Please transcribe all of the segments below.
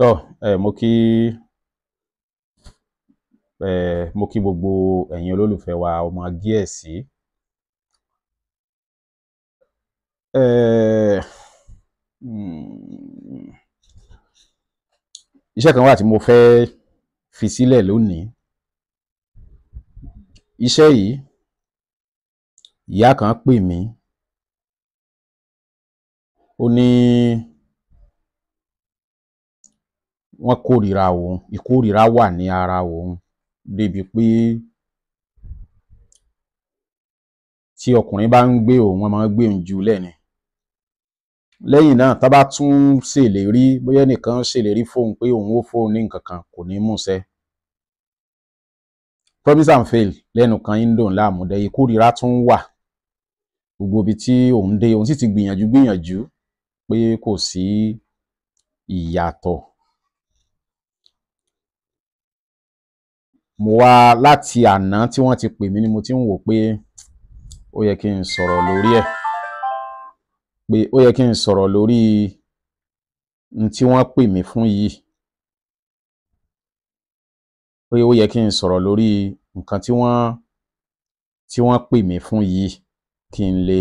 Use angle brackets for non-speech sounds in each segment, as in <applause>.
tọ́ ẹ eh, mo kí ẹ eh, mo kí gbogbo ẹ̀yin olólùfẹ́ wa ọmọ gíẹ̀sì ẹ eh, hmm, iṣẹ́ kan wà tí mo fẹ́ fi sílẹ̀ lónìí iṣẹ́ yìí ìyá kan pè mí ó ní. Oni wọ́n kórìíra òun ìkórìíra wà ní ara òun débi pé tí ọkùnrin bá ń gbé òun wọ́n máa ń gbé òun jùlẹ̀ ni lẹ́yìn náà tá bá tún ṣèlérí bóyá ẹnìkan ṣèlérí fóun pé òun ó fóun ní nǹkan kan kò ní múṣẹ promise and fail lẹ́nu kan ń dùn láàmú tún wà gbogbo ibi tí òun dé òun sì ti gbìyànjú gbìyànjú pé kò sí ìyàtọ̀ mo wá láti àná tí wọ́n ti pè mí ni mo ti ń wò pé ó yẹ kí n sọ̀rọ̀ lórí ẹ̀ pé ó yẹ kí n sọ̀rọ̀ lórí n tí wọ́n pè mí fún yìí pé ó yẹ kí n sọ̀rọ̀ lórí nǹkan tí wọ́n tí wọ́n pè mí fún yìí kí n lè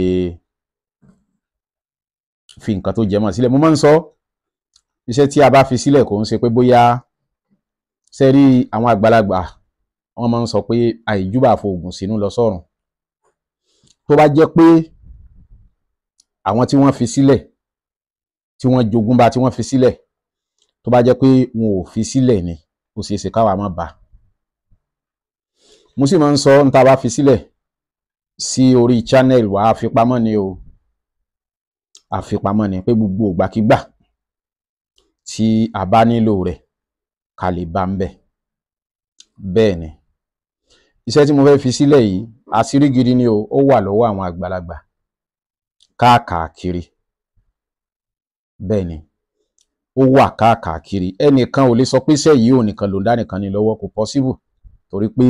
fi nǹkan tó jẹ mọ́ sílẹ̀ mo máa ń sọ iṣẹ́ tí a bá fi sílẹ̀ kò ń ṣe pé bóyá sẹ́rí àwọn àgbàlagbà wọ́n máa ń sọ pé àìjúbà fòògùn sínú lọ sọ́run tó bá jẹ́ pé àwọn tí wọ́n fi sílẹ̀ tí wọ́n jogúnba tí wọ́n fi sílẹ̀ tó bá jẹ́ pé wọn ò fi sílẹ̀ ni kò ṣeé ṣe káwa má bà mo sì máa ń sọ ní bá fi sílẹ̀ sí orí channel wa àfipamọ́ ni o àfipamọ́ ni pé gbogbo ògbàkigbà tí a bá nílò rẹ̀ ká lè bá ń bẹ̀ bẹ́ẹ̀ ni iṣẹ́ tí mo fẹ́ fi sílẹ̀ yìí àṣírí gidi ni o ó wà lọ́wọ́ àwọn àgbàlagbà káàkiri bẹ́ẹ̀ ni ó wà káàkiri ẹnìkan ò lè sọ pé iṣẹ́ yìí ò nìkan ló ń dá nìkan ní lọ́wọ́ kò pọ́síbù torí pé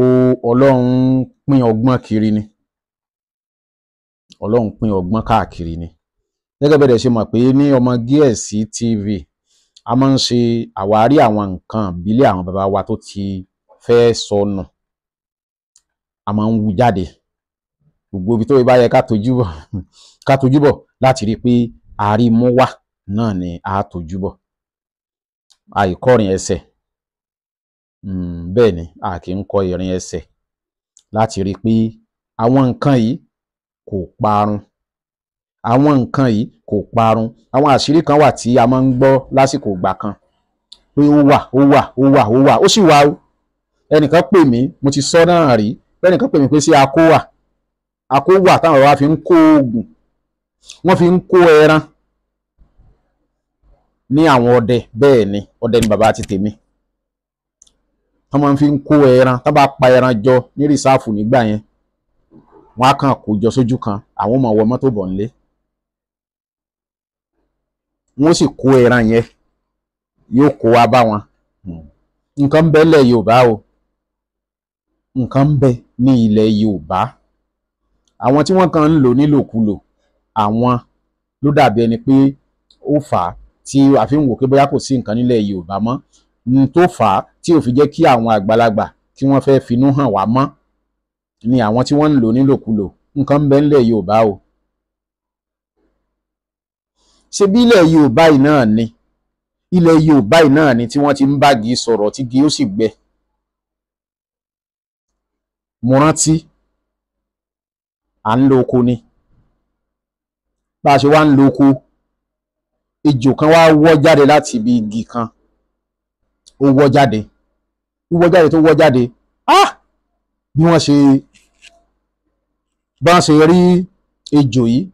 ó ọlọ́run pín ọgbọ́n kiri ni ọlọ́run pín ọgbọ́n káàkiri ni gẹ́gẹ́ bẹ́ẹ̀ ṣe mọ̀ pé ní ọmọ gíẹ̀sì tv a máa ń ṣe àwárí àwọn nǹkan ìbílẹ̀ àwọn bàbá wa tó ti fẹ́ sọnù a máa ń wu jáde gbogbo ibi tó bá yẹ ká tojú bọ̀ <laughs> láti rí i wà náà ni a tojú bọ̀ àìkọrin ẹsẹ̀ hmm, bẹ́ẹ̀ ni a kì í kọ ìrìn ẹsẹ̀ láti rí i pé àwọn nǹkan yìí kò parun àwọn nǹkan kan wà tí a máa ń gbọ́ lásìkò ìgbà kan pé ó wà ó wà ó wà ó wà ó sì ẹnìkan pè mí mo ti sọ náà rí ẹnìkan pè mí pé sí akówà akówà táwọn wa fi ń kó oògùn wọ́n fi ń kó ẹran ní àwọn ọdẹ bẹẹni ni ọdẹ ni bàbá ti tèmi máa fi ń kó ẹran tó bá pa ẹran jọ ní rìsáàfù nígbà yẹn kan àwọn ọmọ wọ nílé sì kó ẹran yẹn yóò kó wa bá wọn nǹkan Yorùbá o. nǹkan ń bẹ ní ilẹ̀ Yorùbá àwọn tí wọ́n kàn ń lò nílòkulò àwọn ló dàbí ẹni pé ó fà á tí a fi ń wò pé bóyá kò sí nǹkan nílẹ̀ Yorùbá mọ́ ní tó fà á tí ò fi jẹ́ kí àwọn àgbàlagbà tí wọ́n fẹ́ finú hàn wá mọ́ ni àwọn tí wọ́n ń lò nílòkulò nǹkan ń bẹ nílẹ̀ Yorùbá o ṣe bí ilẹ̀ Yorùbá yìí náà ni ilẹ̀ Yorùbá yìí náà ni tí wọ́n ti ń bági sọ̀rọ̀ tí gi ó sì gbẹ mo rántí à ń lo oko ni bá a ṣe wá ń lo oko ejò kan wá wọ́ jáde láti ibi igi kan ó wọ́ jáde wíwọ́ jáde tó wọ́ jáde ah bí wọ́n ṣe bá ṣe rí ejò yìí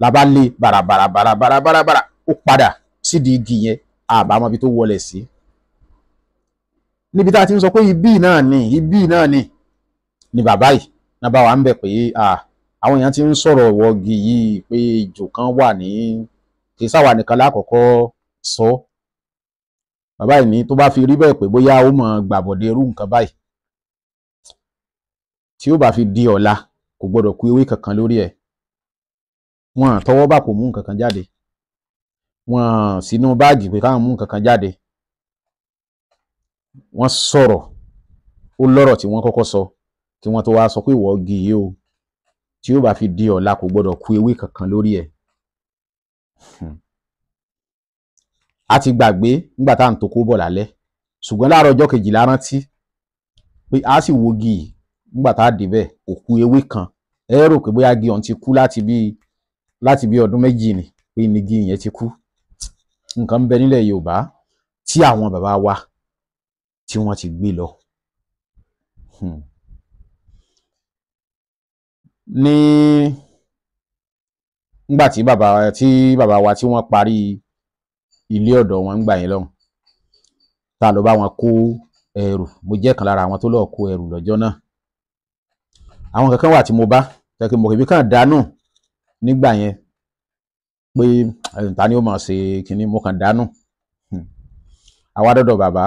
la bá lé bàràbàràbàràbàràbàrà ó padà sídìí igi yẹn àbámọ́bi tó wọlé sí. Si níbi tá a ti ń sọ pé ibí náà ni ibí náà ni ni bàbá yìí náà bá wa ń bẹ̀ pé àwọn èèyàn ti ń sọ̀rọ̀ wọ́gi yìí pé ìjò kan wà ní kì í sáwà nìkan lákọ̀ọ́kọ́ sọ bàbá yìí ní tó bá fi rí bẹ́ẹ̀ pé bóyá ó mọ̀ gbàbọ̀dé irú nǹkan báyìí tí ó bá fi di ọ̀la kò gbọ́dọ̀ kú ewé kankan lórí ẹ̀ wọn àtọwọ́ bà kò mú nǹkan kan jáde wọn sínú báàgì pé káwọn mú nǹkan kan jáde wọ́n sọ̀rọ̀ ó lọ́rọ̀ tí wọ́n kọ́kọ́ sọ kí wọ́n tó wá sọ pé ìwọ igi o tí ó bá fi di ọ̀la kò gbọ́dọ̀ ku ewé kankan lórí ẹ̀ hmm. a ti gbàgbé nígbà tá à ń tó kó bọ̀ lálẹ́ ṣùgbọ́n láàárọ̀ ọjọ́ kejìlá rántí pé a sì wo igi yìí nígbà tá a débẹ̀ kò ku ewé kan ẹ rò pé bóyá igi ọ̀hún ti kú láti bí láti bí ọdún méjì ni pé igi yẹn ti kú nǹkan ń bẹ nílẹ̀ Yorùbá tí àwọn bàbá wa tí wọ́n ti gbé lọ. Hmm. ní ngbà tí bàbá tí bàbá wa tí wọ́n parí ilé ọ̀dọ̀ wọn ń gbà yẹn lọ́hùn tá a lọ bá wọn kó ẹrù mo jẹ́ kan lára àwọn tó lọ́ọ́ kó ẹrù lọ́jọ́ náà àwọn kankan wà tí mo bá tẹ́kẹ́ mọ̀ kébí kàn dánù nígbà yẹn pé ta ni ó máa ṣe kinní mo kàn dánù hmm. àwa dọ́dọ̀ bàbá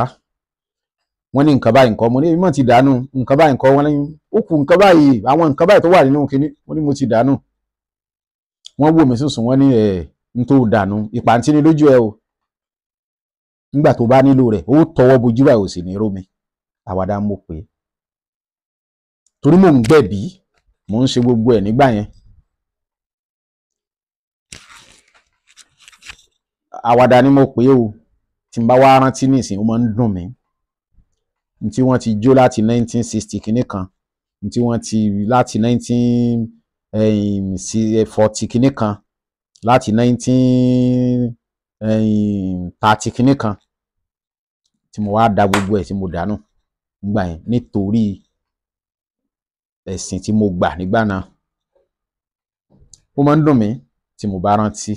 wọ́n ní nǹkan báyìí nǹkan mo ní èmi mọ̀ ti dànù nǹkan báyìí nǹkan wọ́n ní ó kù nǹkan báyìí àwọn nǹkan báyìí tó wà nínú kinní wọ́n ní mo ti dànù wọ́n wò mí sùsùn wọ́n ní ẹ̀ ń tó dànù ìpàǹtí ni lójú ẹ o nígbà tó bá nílò rẹ̀ ó tọwọ́ bojú báyìí ò sì ní rómi àwàdà mo pè é torí mò ń gbẹ̀bí mò ń ṣe gbogbo ẹ̀ nígbà yẹn àwàdà ni mo pè é o tí n bá wá rántí nísìnyí ó máa ń dùn mí tí wọ́n ti jó láti 1960 kìíní kan tí wọ́n ti láti 1940 eh, kìíní kan láti 1930 eh, kìíní kan tí mo wá da gbogbo ẹ̀ tí mo dànù nígbà yẹn nítorí ẹ̀sìn tí mo gbà nígbà náà ó máa ń dùn mí tí mo bá rántí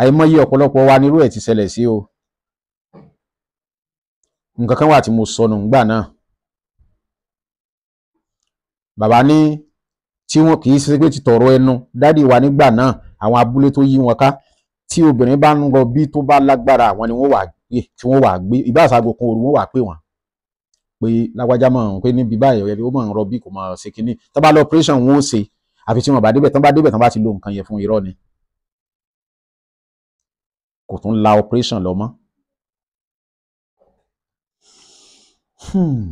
àìmọye ọ̀pọ̀lọpọ̀ wa nírú ẹ̀ ti ṣẹlẹ̀ sí o nǹkan kan wà tí mo sọnù ńgbà náà bàbá ní tí wọn kì í ṣe pé ti tọrọ ẹnu dádì wa nígbà náà àwọn abúlé tó yí wọn ká tí obìnrin bá ń lọ bí tó bá lágbára àwọn ni wọn wà gbé tí wọn wà gbé ìbáṣàgò kan òru wọn wà pé wọn pé lágbájá mọ̀ pé níbi báyìí ọ̀rẹ́ ó mọ̀ ń rọ bí kò mọ̀ ṣe kínní tó bá lọ operation wọn ó ṣe àfi tí wọn bá débẹ̀ tán bá débẹ̀ tán bá ti lo nǹkan yẹn fún irọ́ ni kò tún la operation lọ mọ́ Hmm.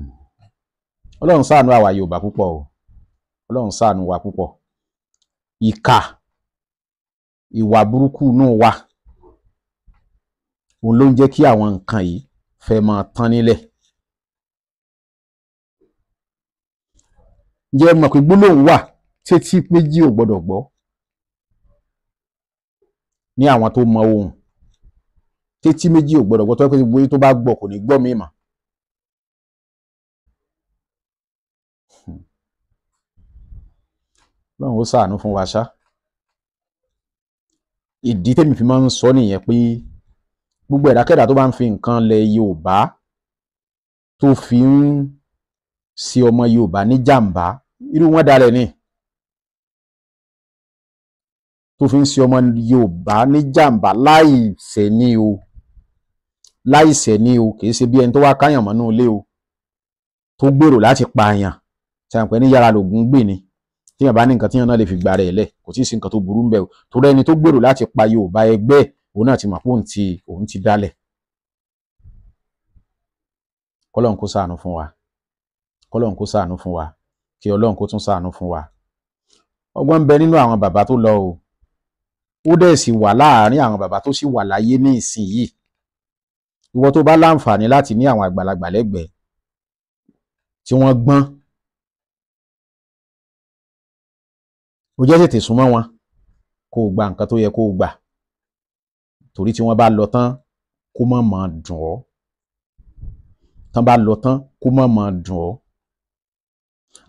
ọlọ́run ṣàánú àwa yorùbá púpọ̀ o ọlọ́run ṣàánú wa púpọ̀ ìkà ìwà burúkú inú wa òun ló ń jẹ́ kí àwọn nǹkan yìí fẹ́ máa tán nílẹ̀. ǹjẹ́ ẹ mọ̀ pé gbólóhùn wà tẹ́tí méjì ò gbọ́dọ̀ gbọ́ ní àwọn tó mọ ohun tẹ́tí méjì ò gbọ́dọ̀ gbọ́ tó yẹ pé gbogbo bá gbọ́ kò ní gbọ́ mí mọ́. ọlọ́run ó ṣàánú fún wa ṣá ìdí tèmi fi máa ń sọ nìyẹn pé gbogbo ẹ̀dákẹ́dà tó bá ń fi nǹkan lẹ̀ Yorùbá tó fi ń ṣe ọmọ Yorùbá ní jàǹbá irú wọn dalẹ̀ ni tó fi ń ṣe ọmọ Yorùbá ní jàǹbá láìṣẹ̀ ní o láìṣẹ̀ ní o kì í ṣe bí ẹni tó wá káyàn mọ́nú ilé o tó gbèrò láti pààyàn ṣàǹpẹ́ ní yàrá lògùn gbè ni tíyàn bá ní nǹkan tíyàn náà lè fi gba rẹ̀ lẹ̀ kò tí ì sí nǹkan tó burú ń bẹ̀ o torí ẹni tó gbèrò láti pa Yorùbá ẹgbẹ́ òun náà ti mọ̀ pé òun ti òun ti dálẹ̀ kọ́lọ́n kó ṣàánú fún wa kọ́lọ́n kó ṣàánú fún wa kí Ọlọ́run kó tún ṣàánú fún wa ọgbọ́n ń bẹ nínú àwọn bàbá tó lọ o ó dẹ̀ sì wà láàárín àwọn bàbá tó sì wà láyé ní ìsìn ìwọ tó bá láǹfààní láti ní àwọn àgbàlagbà lẹ́gbẹ̀ẹ́ tí wọ́n gbọ́n ó jẹ́ tètè súnmọ́ wọn kó o gba nǹkan tó yẹ kó o gbà torí tí wọ́n bá lọ tán kó mọ̀ mọ̀ dùn ọ́ tán bá lọ tán kó mọ̀ mọ̀ dùn ọ́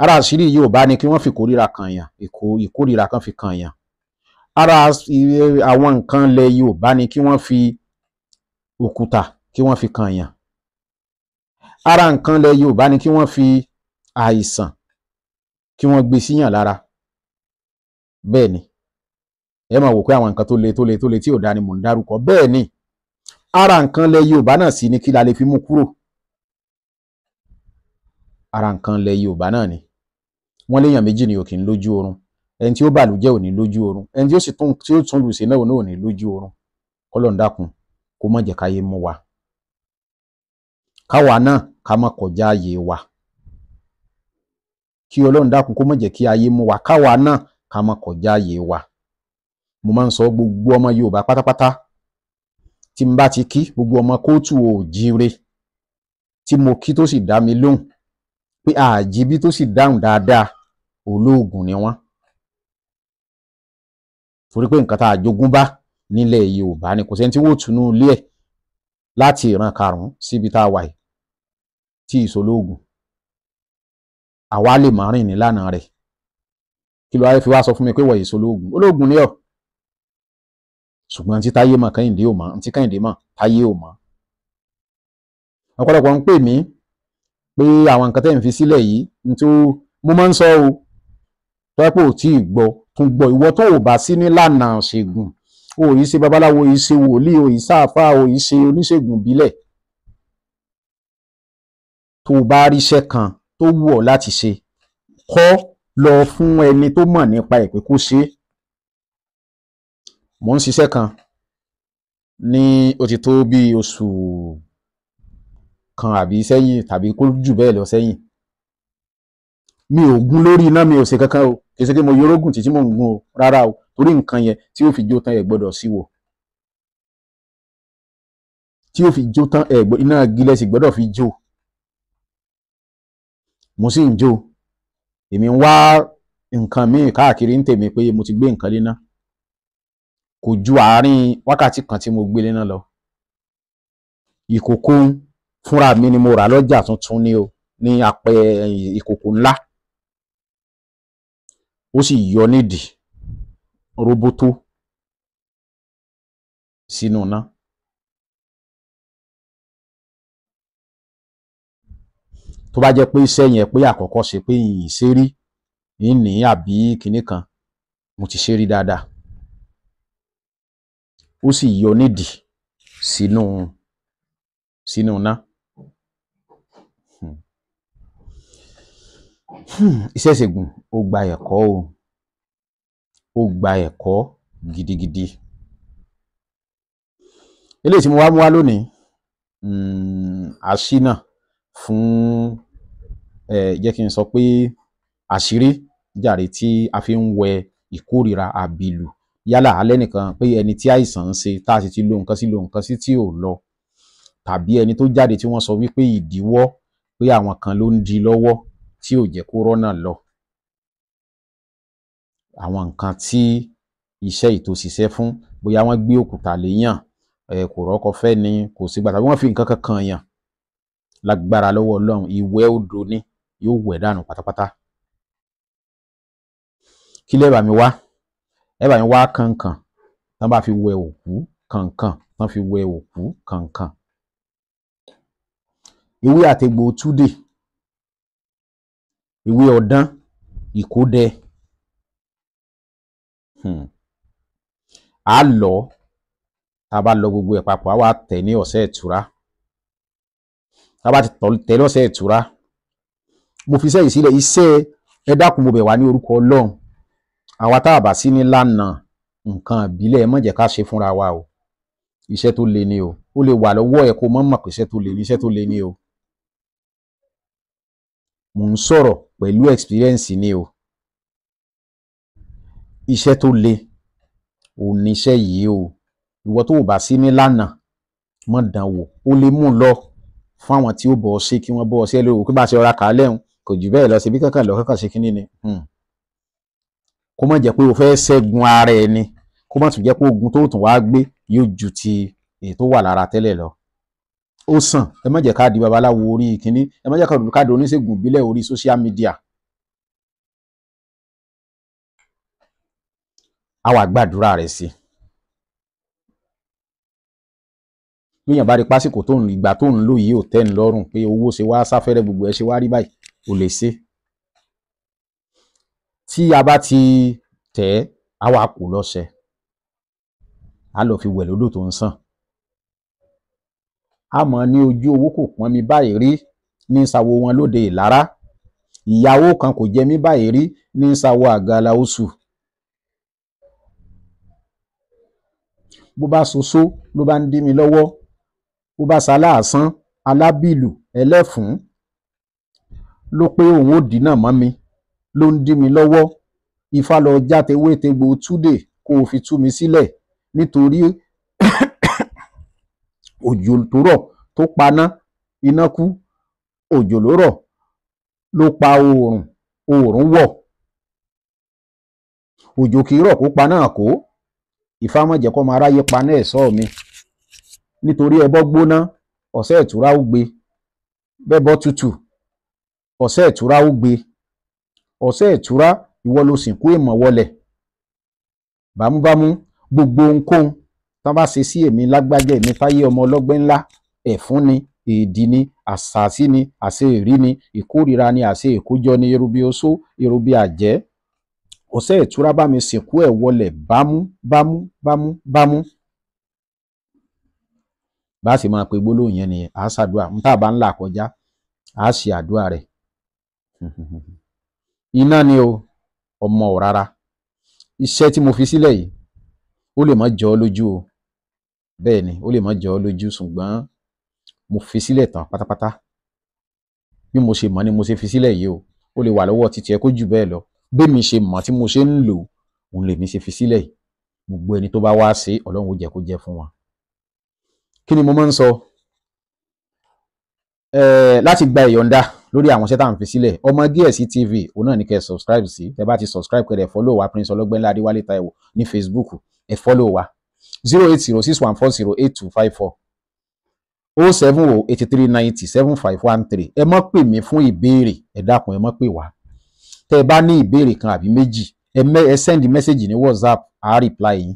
ara àṣírí yìí ò bá ní kí wọ́n fi kórìíra kan yàn ìkórìíra kan fi kan yàn ara àwọn nǹkan lẹ yìí ò bá ní kí wọ́n fi òkúta kí wọ́n fi kan yàn ara nǹkan lẹ yìí ò bá ní kí wọ́n fi àìsàn kí wọ́n gbé síyàn lára bẹ́ẹ̀ ni ẹ máa wò pé àwọn nǹkan tó le tó le tó le tí ò dá ni mò ń dárúkọ bẹ́ẹ̀ ni ara nǹkan lẹ Yorùbá náà sì ni kí la lè fi mú kúrò ara nǹkan lẹ Yorùbá náà ni wọ́n léèyàn méjì ni òkè ń lójú oorun ẹni tí ó bàlùjẹ́ ò ní lójú oorun ẹni tí ó sì tún tí ó tún lùsè náà ò ní lójú oorun kọlọ́n kó má jẹ́ káyé mú wa káwa náà ká má kọjá ààyè wa kí Ọlọ́run dákun kó má jẹ́ kí ayé mú wa káwa náà ká má kọjá àyè wa mo máa ń sọ gbogbo ọmọ Yorùbá pátápátá tí n bá ti kí gbogbo ọmọ kóòtù òjíire tí mo kí tó sì dá mi lóhùn pé àjíbí tó sì dáhùn dáadáa olóògùn ni wọ́n torí pé nǹkan tá a jogún bá nílẹ̀ Yorùbá ni kò sẹ́ni tí wọ́n tún ilé ẹ̀ láti ìran karùn-ún síbi tá a wà yìí tí ìsolóògùn àwa lè má rìn nílànà rẹ̀ kí ló ayé fi wá sọ fún mi pé wọ̀nyí solóògùn olóògùn ni ọ ṣùgbọ́n tí táyé mọ̀ kẹ́hìndé ò mọ̀ tí kẹ́hìndé mọ̀ táyé pè mí pé àwọn nǹkan tẹ́ ń fi sílẹ̀ yìí nítorí mo máa ń sọ o tọ́pọ̀ tí ì gbọ́ tún gbọ́ ìwọ tó ò bá sí nílànà ṣègùn o ṣe babaláwo ṣe wòlíì o o ṣe oníṣègùn ìbílẹ̀ tó o tó wù ọ́ láti ṣe kọ́ lọ fún ẹni tó mọ̀ nípa ẹ̀ pé kó ṣe é mò ń ṣiṣẹ́ kan ní ó ti tó bí oṣù kan àbí sẹ́yìn tàbí kó jù bẹ́ẹ̀ lọ sẹ́yìn mi ò gún lórí iná mi ò ṣe kankan o kì í ṣe pé mo yorógùn títí mò ń gún o rárá o torí nǹkan yẹn tí ó fi jó tán ẹ̀ gbọ́dọ̀ sí wò tí ó fi jó tán ẹ̀ iná gílẹ̀ sì gbọ́dọ̀ fi jó mo sì ń jó èmi ń wá nǹkan míì káàkiri ń tèmi pé mo ti gbé nǹkan léná kò ju àárín wákàtí kan tí mo gbé léná lọ ìkòkò fúnra mi ni mo rà lọ́jà tuntun ni o ní apẹ ìkòkò ńlá ó sì yọ nídìí roboto sínú náà tó bá jẹ́ pé iṣẹ́ yẹn pé àkọ́kọ́ ṣe pé ìyìn ṣe rí ìní àbí kinní kan mo ti ṣe rí dáadáa ó sì yọ nídìí sínú sínú ná hmm. hmm, iṣẹ́ ìṣègùn ó gba ẹ̀kọ́ o ó gba ẹ̀kọ́ gidigidi eléyìí tí mo wá mú wá lónìí hmm, àṣì náà fún ẹ jẹ́ kí n sọ pé àṣírí jàre tí a fi ń wẹ ìkórìíra àbìlù yálà alẹ́ nìkan pé ẹni tí àìsàn ń ṣe tá a sì ti lo nǹkan sí lo nǹkan sí tí ò lọ tàbí ẹni tó jáde tí wọ́n sọ wípé ìdíwọ́ pé àwọn kan ló ń di lọ́wọ́ tí ò jẹ́ kó rọ́nà lọ àwọn nǹkan tí iṣẹ́ ìtò ṣiṣẹ́ fún bóyá wọ́n gbé òkúta léèyàn ẹ kò rọ́kọ fẹ́ ni kò sígbà tàbí wọ́n fi nǹkan kan kan yàn lágbára lọ́wọ́ Ọlọ́run ìwẹ̀ odò ni yóò wẹ̀ dànù pátápátá kí lẹ́ẹ̀ bá mi wá ẹ bá mi wá kànkàn tán bá fi wẹ̀ òkú kànkàn tán fi wẹ̀ òkú kànkàn ewé àtẹ̀gbò túdè ewé ọ̀dán ìkódẹ hmm. a lọ tá a bá lọ gbogbo ẹ̀ papọ̀ a tẹ̀ ní ọ̀sẹ̀ ìtura tá a bá ti tẹ̀ lọ́sẹ̀ ìtura mo fi iṣẹ́ yìí sílẹ̀ iṣẹ́ ẹ dákun mo bẹ̀ wá ní orúkọ ọlọ́run àwa tá a bá sí ní lánàá nǹkan ìbílẹ̀ ẹ má ká ṣe fúnra wa o iṣẹ́ tó le ni o ó lè wà lọ́wọ́ ẹ̀ kó mọ́ mọ̀ pé iṣẹ́ tó le ni iṣẹ́ tó le ni o mò ń sọ̀rọ̀ pẹ̀lú experience ni o iṣẹ́ tó le òun níṣẹ́ yìí o ìwọ tó o bá sí ní lánàá mọ̀ dán ó lè mú un lọ fún àwọn tí ó bọ̀ ọ́ ṣe kí wọ́n bọ́ ọ sí ẹlòó kí bá ṣe ọra kà á lẹ́hùn kò jù bẹ́ẹ̀ lọ síbi kankan lọ kankan ṣe kínní ni hmm. kó má jẹ́ pé o fẹ́ ṣẹ́gun ara ẹni kó má tún jẹ́ pé ogun tó tún wáá gbé yóò ju ti èyí tó wà lára tẹ́lẹ̀ lọ ó sàn ẹ má jẹ́ ká di babaláwo orí kínní ẹ má jẹ́ ká di oníṣègùn ìbílẹ̀ orí social media a wá gbàdúrà rẹ̀ sí i. gbìyàn bá rí pásìkò tó ń ìgbà tó ń lò yìí ò tẹ́ ń lọ́rùn pé owó ṣe wá sáfẹ́rẹ́ gbogbo ẹ̀ ṣe wá rí báyìí ò lè ṣe tí a bá ti tẹ̀ ẹ́ á wà kù lọ́sẹ̀ á lọ fi wẹ̀ lódò tó ń sàn á mọ̀ ní ojú owó kò pọ́n mi báyìí rí ní ìsàwò wọn lóde ìlara ìyàwó kan kò jẹ mí báyìí rí ní ìsàwò àgàlà oṣù bó bá ṣoṣo ló bá ń dí mi lọ́wọ́ bó bá sa láàsán alábìlù ẹlẹ́fùn ló pé òun ò dínà mọ́ mi ló ń dí mi lọ́wọ́ ifá lọ játewé tegbò túdè kó o fi tú mi sílẹ̀ nítorí <coughs> òjò tó rọ̀ tó paná iná kú òjò ló rọ̀ ló pa oòrùn oòrùn wọ̀ òjò kì í rọ̀ kó paná kó ìfá má jẹ́ máa ráyé paná ẹ̀ sọ́ọ̀ mi nítorí ẹbọ gbóná ọ̀sẹ̀ ìtura ó gbé bẹ́bọ tutù ọ̀sẹ̀ ìtura ó gbé ọ̀sẹ̀ ìtura ìwọ ló sìnkú èèmọ̀ wọlẹ̀ bámúbámú gbogbo ohunkóhun tí wọ́n bá ṣe sí èmi lágbájá èmi táyé ọmọ ọlọ́gbẹ́ ńlá ẹ̀fún ni èdì ni àṣàsí ni àṣe èrí ni ìkórìíra ni àṣe ìkójọ ni erubi oṣó erubi àjẹ́ ọ̀sẹ̀ ìtura bá mi sìnkú ẹ̀ wọlẹ̀ bámú bámú bámú bámú bá a sì máa pe gbólóhùn yẹn nìyẹn àá ṣàdúrà n tá a bá ń là kọjá àá ṣe àdúrà rẹ̀ <laughs> iná ni o ọmọ ò rárá iṣẹ́ tí mo fi sílẹ̀ yìí ó lè má jọ ọ́ lójú o bẹ́ẹ̀ ni ó lè má jọ ọ́ lójú ṣùgbọ́n mo fi sílẹ̀ tán pátápátá bí mo ṣe mọ̀ ni mo ṣe fi sílẹ̀ yìí o ó lè wà lọ́wọ́ títí ẹ kó jù bẹ́ẹ̀ lọ bẹ́ẹ̀ mi ṣe mọ̀ tí mo ṣe ń lò òun lèmi ṣe fi sílẹ̀ yìí gbogbo ẹni tó bá wá sí ọlọ́run ó jẹ́ kó jẹ́ fún wọn kí ni mo máa ń sọ eh, láti gba ìyọ̀ǹda lórí àwọn iṣẹ́ tá à ń fi sílẹ̀ ọmọ díẹ̀ tv òun náà ní kẹ́ ẹ subscribe sí ẹ bá ti subscribe kẹ́ ẹ follow wa prince ọlọ́gbẹ́nlá adéwálé táíwò ní facebook ẹ follow wa zero eight zero six one four zero eight two five four o seven o eighty three ninety seven five one three ẹ mọ́ pè mí fún ìbéèrè ẹ dákun ẹ mọ́ pè wá tẹ́ ẹ bá ní ìbéèrè kan àbí méjì ẹ ẹ send message ní whatsapp àá reply yín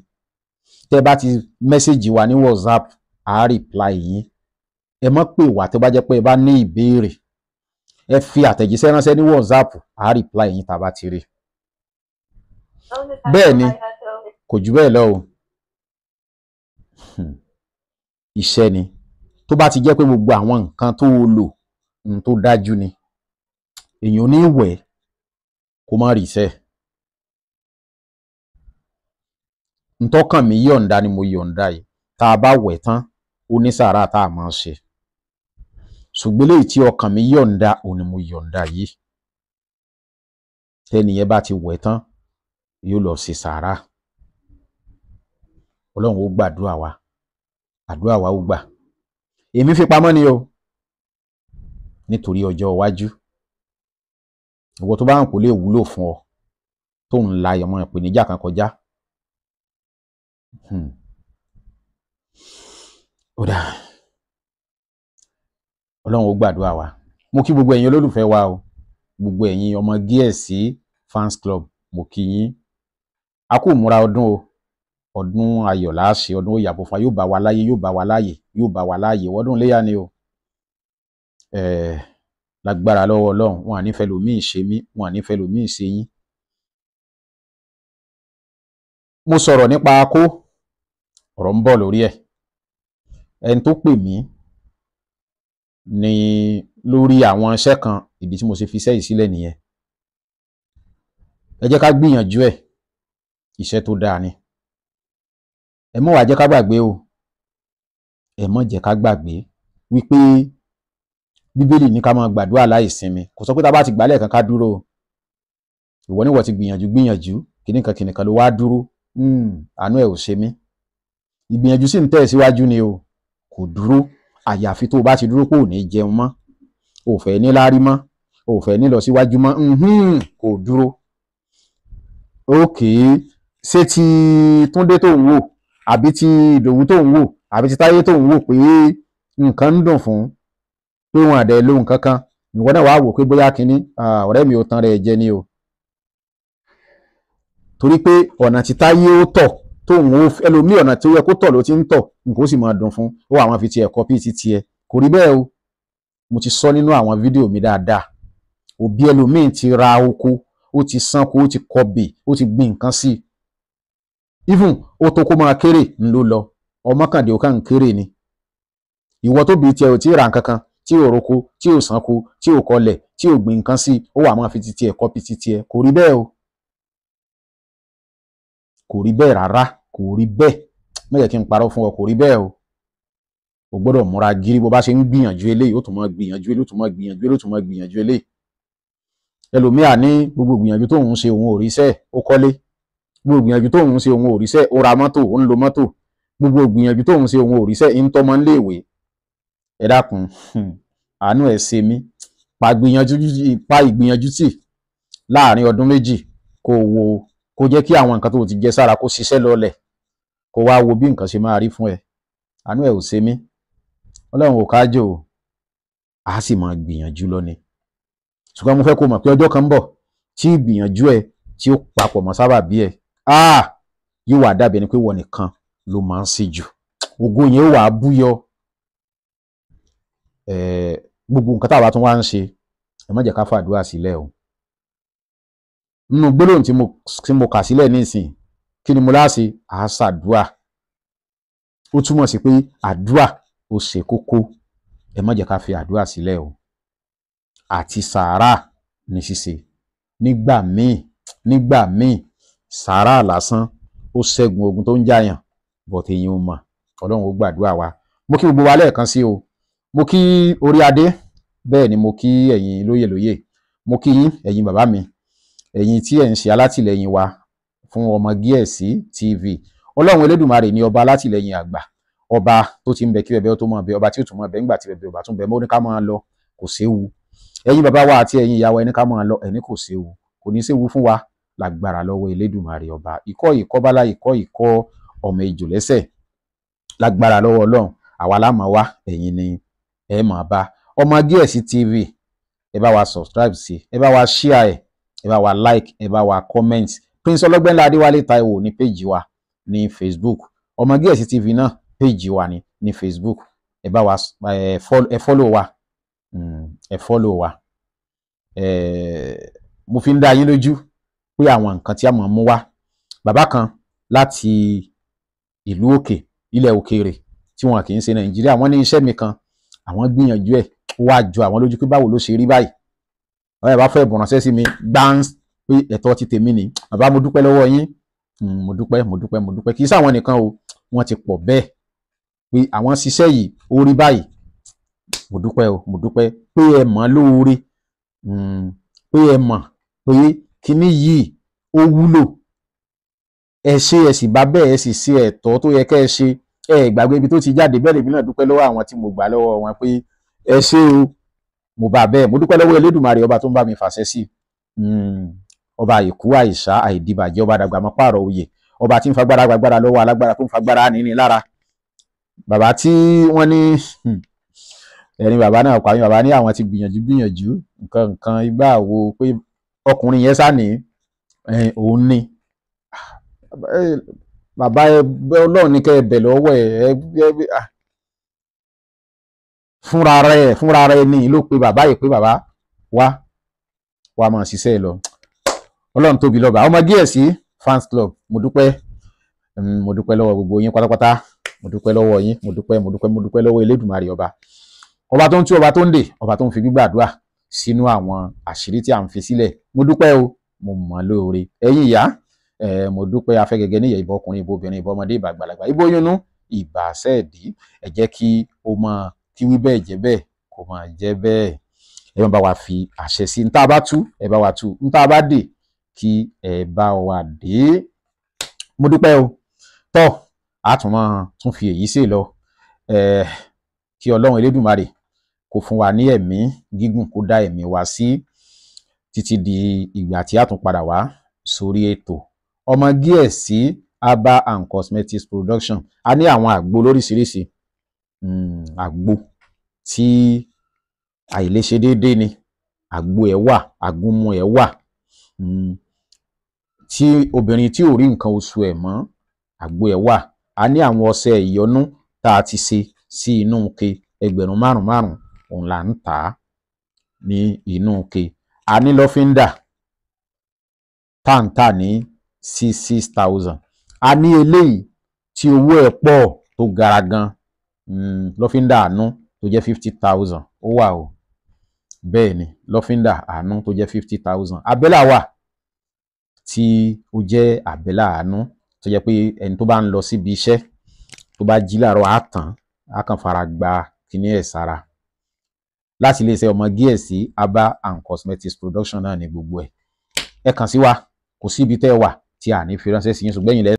tẹ́ ẹ bá ti message wa ní whatsapp a reply yín ẹ mọ́ pè wá tó bá jẹ́ pé ẹ bá ní ìbéèrè ẹ fi àtẹ̀jíṣẹ́ ránṣẹ́ ní whatsapp a reply yín tá a bá ti rí bẹ́ẹ̀ ni kò jù bẹ́ẹ̀ lọ o hmm, iṣẹ́ ni tó bá ti jẹ́ pé gbogbo àwọn nǹkan tó o lò tó dájú ni èèyàn ní ìwẹ̀ kó má rí iṣẹ́ ntọ́kàn mi yọ̀ǹda ni mo yọ̀ǹda yìí tá a bá wẹ̀ tán onísàárà tá a máa ṣe ṣùgbọ́n léyìí tí ọkàn mi yọ̀ǹda òní mo yọ̀ǹda yìí tẹ́nìyẹn bá ti wẹ̀ tán yóò lọ ṣe sàárà ọlọ́run ó gbàdúrà wa àdúrà wa ó gbà èmi fi pamọ́ ni o nítorí ọjọ́ iwájú ìwọ tó bá hàn kó lè wúlò fún ọ tó ń la ìmọ̀ ìpèníjà kan kọjá. Hmm ó dà ọlọ́run ó gbàdúrà wa mo kí gbogbo ẹ̀yin olólùfẹ́ wa o gbogbo ẹ̀yin ọmọ GSC fans club mo kí yín a kú múra ọdún o ọdún ayọ̀ láàṣẹ ọdún ó yàgò fún wa yóò bá wa láyé yóò bá wa láyè yóò bá wa láyè ọdún léyà ni o ẹ̀ẹ́ lágbára lọ́wọ́ ọlọ́run wọn à ní fẹ́ lòmíì ṣe mí wọn à ní fẹ́ lòmíì ṣe yín mo sọ̀rọ̀ nípa akó ọ̀rọ̀ ń bọ̀ lórí ẹ̀ ẹni tó pè mí ni lórí àwọn iṣẹ́ kan ìdí tí mo ṣe fi iṣẹ́ yìí sílẹ̀ nìyẹn ẹ jẹ́ ká gbìyànjú ẹ̀ iṣẹ́ tó dáa ni ẹ mọ̀ wá jẹ́ ká gbàgbé o ẹ mọ̀ jẹ́ ká gbàgbé wípé bíbélì ní ká máa gbàdúrà láì sinmi kò sọ pé tá a bá ti gbálẹ̀ kan ká dúró ìwọ níwọ̀ ti gbìyànjú gbìyànjú kìnnìkan kìnnìkan ló wá dúró hmm, àánú ẹ̀ ò ṣe mí ìgbìyànjú sì ń tẹ̀ ni o kò dúró àyàfi tó o bá ti dúró pé ò ní jẹun mọ́ ò fẹ́ ní lárí mọ́ ò fẹ́ ní lọ síwájú mọ́ kò dúró okay ṣé ti Túndé tó ń wò àbí ti Ìdòwú tó ń wò àbí ti Táyé tó ń wò pé nǹkan ń dùn fún pé wọn àdẹ lóhùn kankan ìwọ náà wàá wò pé bóyá kínní ọ̀rẹ́ mi ò tan rẹ̀ jẹ ni o torí pé ọ̀nà tí Táyé ó tọ̀ tóun ó ẹlòmí ọ̀nà tó yẹ kó tọ̀ ló ti ń tọ̀ nǹkan ó sì máa dùn fún ó wà máa fi tiẹ̀ kọ́pì ti tiẹ̀ kò rí bẹ́ẹ̀ o mo ti sọ nínú àwọn fídíò mi dáadáa òbí ẹlòmíín ti ra oko ó ti sanko ó ti kọbè ó ti gbin nǹkan sí i even ó tó kó máa kéré ńlọ lọ ọmọ kàndé ó kàn kéré ni ìwọ tó bí tiẹ̀ ò tí ì ra nǹkan tí ò roko tí ò sanko tí ò kọlẹ̀ tí ò gbin nǹkan sí i ó wà máa fi ti tiẹ̀ kọ́pì ti tiẹ̀ kò rí bẹ́ẹ̀ o kò rí bẹ́ẹ̀ rárá kò rí bẹ́ẹ̀ má jẹ́ kí n parọ́ fún ọ kò rí bẹ́ẹ̀ o o gbọ́dọ̀ múra gírí bó bá ṣe ń gbìyànjú eléyìí ó tún máa gbìyànjú eléyìí ó tún máa gbìyànjú eléyìí ó tún máa gbìyànjú eléyìí ẹlòmíà ní gbogbo gbìyànjú tóun ṣe òun ò ríṣẹ́ ó kọ́lé gbogbo gbìyànjú tóun ṣe òun ò ríṣẹ́ ó ra mọ́tò ó ń lo mọ́tò gbogbo gbìyànjú tóun ṣe òun ò ríṣẹ́ ń tọ́mọ ń léèwé ẹ dákun hmm, àánú ẹ ṣe mí pa ìgbìyànjú tì láàrin ọdún méjì kó o wo kó jẹ́ kí àwọn nǹkan tó ti jẹ sára kó ṣiṣẹ́ lọ́lẹ̀ kó wá wo bí nǹkan ṣe máa rí fún ẹ àánú ẹ ò ṣe mí ọlọ́run ò kájò o sì máa gbìyànjú lọ́ni ṣùgbọ́n mo fẹ́ kó mọ̀ pé ọjọ́ kan ń bọ̀ tí ìgbìyànjú ẹ tí ó papọ̀ mọ́ sábàbí ẹ ah yóò wá dàbí ẹni pé wọ́n nìkan ló máa ń ṣe jù ògo yẹn ó wà á búyọ gbogbo nǹkan táwa tún wá ń ṣe ẹ má jẹ́ ká fàdúrà sílẹ̀ o nínú gbólóhùn tí mo tí mo kà sílẹ̀ nísìnyí kí ni mo láṣe àṣàdúà ó túmọ̀ sí pé àdúà ó ṣe kókó ẹ má jẹ́ ká fi àdúà sílẹ̀ o àti sàárà ní ṣíṣe nígbà míì nígbà míì sàárà lásán ó ṣẹ́gun ogun tó ń jàyàn bọ̀tẹ̀ yín o mọ̀ ọlọ́run ó gbàdúrà wa mo kí gbogbo wa lẹ́ẹ̀kan sí o mo kí orí adé bẹ́ẹ̀ ni mo kí ẹ̀yin lóyè lóyè mo kí yín ẹ̀yin bàbá mi ẹ̀yin tí ẹ̀ ń ṣe alátìlẹyìn wa fún ọmọ Giesi TV ọlọ́run elédùnmarè ni ọba alátìlẹyìn àgbà ọba tó ti ń bẹ kí bẹbẹ tó mọ bẹ ọba tí ó tún mọ bẹ ńgbà tí bẹbẹ ọba tún bẹ mọ ní ká máa lọ kò séwu ẹ̀yin bàbá wa àti ẹ̀yin ìyá wa ẹni ká máa lọ ẹni kò séwu kò ní séwu fún wa lágbára lọ́wọ́ elédùnmarè ọba ikọ́ ìkọ́ bálá ikọ́ ìkọ́ ọmọ ejò lẹ́sẹ̀ lágbára lọ́wọ́ ọlọ́run àwa la máa wá ni ẹ máa bá ọmọ Giesi TV ẹ bá wa subscribe sí ẹ bá wa share ẹ ẹ bá wa like ẹ bá wa comment prince ọlọ́gbẹ́nlá adéwálé táíwò ní péjì wa ní facebook ọmọ gẹ̀ẹ́sì tv náà péjì wa ní ní facebook ẹ bá wa hmm, ẹ follow wa ẹ follow wa mo fi ń dá yín lójú pé àwọn nǹkan tí a mọ̀ mú wá bàbá kan láti ìlú òkè ilẹ̀ òkèèrè tí wọn kì í ṣe nàìjíríà wọn ní iṣẹ́ mi kan àwọn gbìyànjú ẹ̀ wá ju àwọn lójú pé báwo ló ṣe rí báyìí ọ̀rẹ́ bá fẹ́ ìbùrànṣẹ́ sí mi gbáǹs pé ẹ̀tọ́ ti tèmi ni bàbá mo dúpẹ́ lọ́wọ́ yín hmm, mo dúpẹ́ mo dúpẹ́ mo dúpẹ́ kì í sáwọn nìkan o wọ́n ti pọ̀ bẹ́ẹ̀ pé àwọn ṣiṣẹ́ yìí orí báyìí mo dúpẹ́ o mo dúpẹ́ pé ẹ mọ̀ lóore hmm, pé ẹ mọ̀ pé kíní yìí ó wúlò ẹ ṣe ẹ sì bá bẹ́ẹ̀ ẹ sì ṣe ẹ̀tọ́ tó yẹ kẹ́ ẹ ṣe ẹ gbàgbé ibi tó ti jáde bẹ́ẹ̀ lèmi náà dúpẹ́ lọ́wọ́ àwọn tí mo gbà lọ́wọ́ wọn pé ẹ ṣe o mo bá bẹ́ẹ̀ mo dúpẹ́ lọ́wọ́ Elédùmarè ọba tó ń bá mi fàṣẹ sí hmm, ọba àìkú àìsá àìdìbàjẹ́ ọba àdàgbà mọ́ pààrọ̀ òye ọba tí ń fagbára gbàgbára lọ́wọ́ alágbára tó ń fagbára nínú lára bàbá tí wọ́n ní hmm, ẹ̀rín bàbá náà pàmí bàbá ní àwọn ti gbìyànjú gbìyànjú nǹkan nǹkan igbá wo pé ọkùnrin yẹn sáà ní òun ni ah, bàbá ọlọ́run ní kẹ́ ẹ bẹ̀ lọ́wọ́ ẹ̀ ẹ̀ fúnra rẹ̀ fúnra rẹ̀ ni ló pe bàbá yìí pé bàbá wá wá máa ṣiṣẹ́ ẹ lọ ọlọ́run tóbi lọ́ba ọmọ díẹ̀ fans club mo dúpẹ́ mo dúpẹ́ lọ́wọ́ gbogbo yín pátápátá mo dúpẹ́ lọ́wọ́ yín mo dúpẹ́ mo dúpẹ́ mo dúpẹ́ lọ́wọ́ elédùnmarè ọba ọba tó ń tú ọba tó ń dè ọba tó ń fi gbígbàdúrà sínú àwọn àṣírí tí à ń fi sílẹ̀ mo dúpẹ́ o mo mọ̀ lóore ẹ̀yin ìyá mo dúpẹ́ afẹ́gẹ́gẹ́ níyẹ̀ ìbọn ọkùnrin ìbọn obìnrin ìbọn ọmọdé ìbàgbàlagbà ìbóyúnú ìbàṣẹ́ẹ̀dí ẹ jẹ́ kí o máa kí wí bẹ́ẹ̀ jẹ́ bẹ́ẹ̀ kó máa jẹ́ bẹ́ẹ̀ ẹ bá wa fi àṣẹ sí n tá a bá tú ẹ bá wa tú n tá a bá dè kí ẹ bá wa dé mo dúpẹ́ o tọ́ a tún máa tún fi èyí ṣe lọ kí ọlọ́run elédùnmarè kó fún wa ní ẹ̀mí gígùn kó dá ẹ̀mí wa sí títí di ìgbà tí a tún padà wá sórí ètò ọmọ díẹ̀ sí Aba and Cosmetics Production a ní àwọn àgbo lóríṣiríṣi hmm, àgbo tí àìlèṣe déédéé ni àgbo ẹ̀ wà àgúnmu ẹ̀ wà hmm. tí obìnrin tí ò rí nǹkan oṣù ẹ̀ mọ́ àgbo ẹ̀ wà a ní àwọn ọṣẹ ìyọnú tá a ti ṣe sí inú ke ẹgbẹ̀rún márùn márùn òun là ń tà á ní inú ke a ní lọ́fíńdà tá à ń tà ní six six thousand a ní eléyìí tí owó ẹ̀ pọ̀ tó gara gan hmm. lọ́fíńdà àánú tó jẹ́ fifty thousand ó wà o bẹ́ẹ̀ ni lọ́fíńdà àánú tó jẹ́ fifty thousand abẹ́là wà tí ó jẹ́ abẹ́là àánú tó jẹ́ pé ẹni tó bá ń lọ síbi iṣẹ́ tó bá jí làárọ̀ á tàn á kàn fara gba kíní ẹ̀ sára láti iléeṣẹ́ ọmọ gsc aba and cosmetics production náà ní gbogbo ẹ̀ ẹ kàn sí wa kò síbi tẹ́ ẹ wà tí a ní fi ránṣẹ́ sí yín ṣùgbọ́n ẹ̀yin